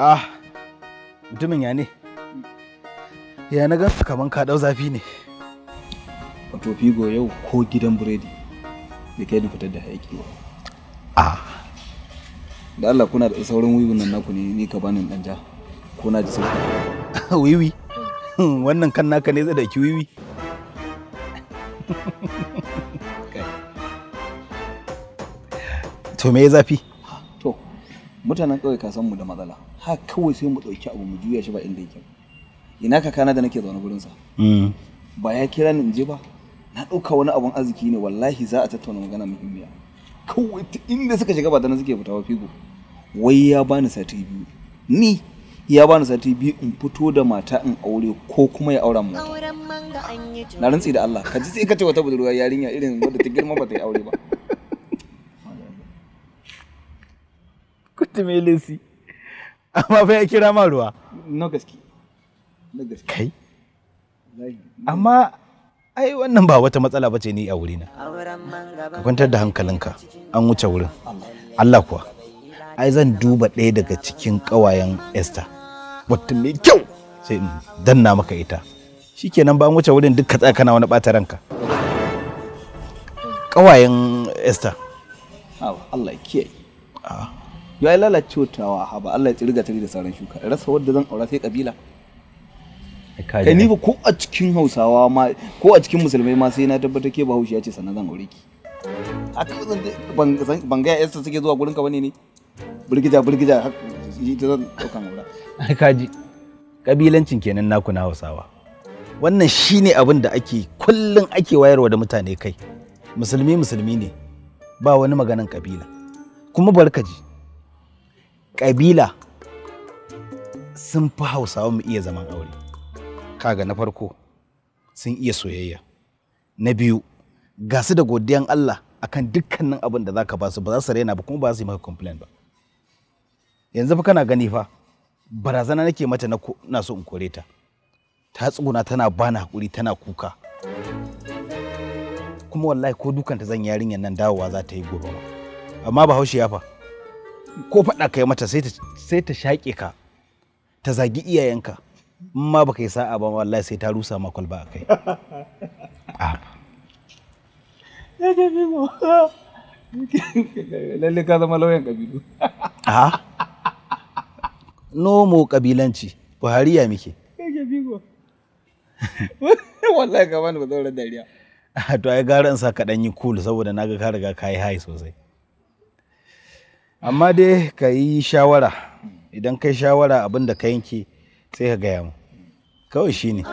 Ah, mutumin ya ne? Ya na gan kaman ka dau zafi ne. Wato figo yau ko gidan biredi da kai ni fitar da hayaki Ah. Da Allah kuna da sauran wiwi nan naku ne ni ka bani dan ja. Ko na ji sauki. Wiwi. Wannan kan naka ne zai da ki wiwi. To me zafi? mutanen kawai ka san mu da matsala ha kawai sai mu ɗauki abu mu juya shi ba inda yake ina ka kana da nake zaune gurin sa mm. ba ya kira ni in je ba na ɗauka wani abun arziki ne wallahi za a tattauna magana muhimmiya kawai inda suka shiga ba da na suke fita figo wai ya bani sati biyu ni ya bani sati biyu in fito da mata in aure ko kuma ya aura mata na rantsi da Allah ka ji sai ka ce wata budurwa yarinya irin wadda ta girma ba ta yi aure ba tumelesi amma fa ya kira ma ruwa na gaske na gaske kai amma ai wannan ba wata matsala ba ce ni a wurina ka kwantar da hankalinka an wuce wurin Allah kuwa ai zan duba ɗaya daga cikin ƙawayen Esther wata mai kyau sai in danna maka ita shikenan ba an wuce wurin duk ka kana wani ɓata ranka ƙawayen Esther Allah kiyaye ah. ya lalace ha ba Allah ya tsirga tare da sauran shuka rasa wadda zan aura sai kabila kai ni ba ko a cikin hausawa ma ko a cikin musulmai ma sai na tabbatar ke bahaushe ya ce sannan zan aure ki haka ban ga yasa suke zuwa ka bane ne birgija birgija ta zan dauka maura kaji kabilancin kenan naku na hausawa wannan shine abin da ake kullum ake wayarwa da mutane kai musulmi musulmi ne ba wani maganan kabila kuma barkaji ƙabila sun fi hausawa mu iya zaman aure kaga na farko sun iya soyayya na biyu ga su da godiyan Allah akan dukkanin abin da zaka ba su ba za su raina ba kuma ba su yi maka complain ba yanzu fa kana gani fa barazana nake mata na na so in kore ta ta tsuguna tana bani hakuri tana kuka kuma wallahi ko dukanta zan yarinyar nan dawowa za ta yi gobe amma ba haushi ya fa ko faɗa kai mata sai ta shaƙe ka ta zagi iyayenka in ma baka yi sa'a ba wallahi sai ta rusa ma kwalba a kai lalle ka zama lauyan kabilu ah? nomo kabilanci buhari ya muke wallahi ka bani ba zaura dariya to ai gara in sa ka dan yi cool saboda naga ka riga ka yi high sosai amma dai ka yi shawara idan kai shawara abin da ka yanke sai ka gaya mu kawai shine ne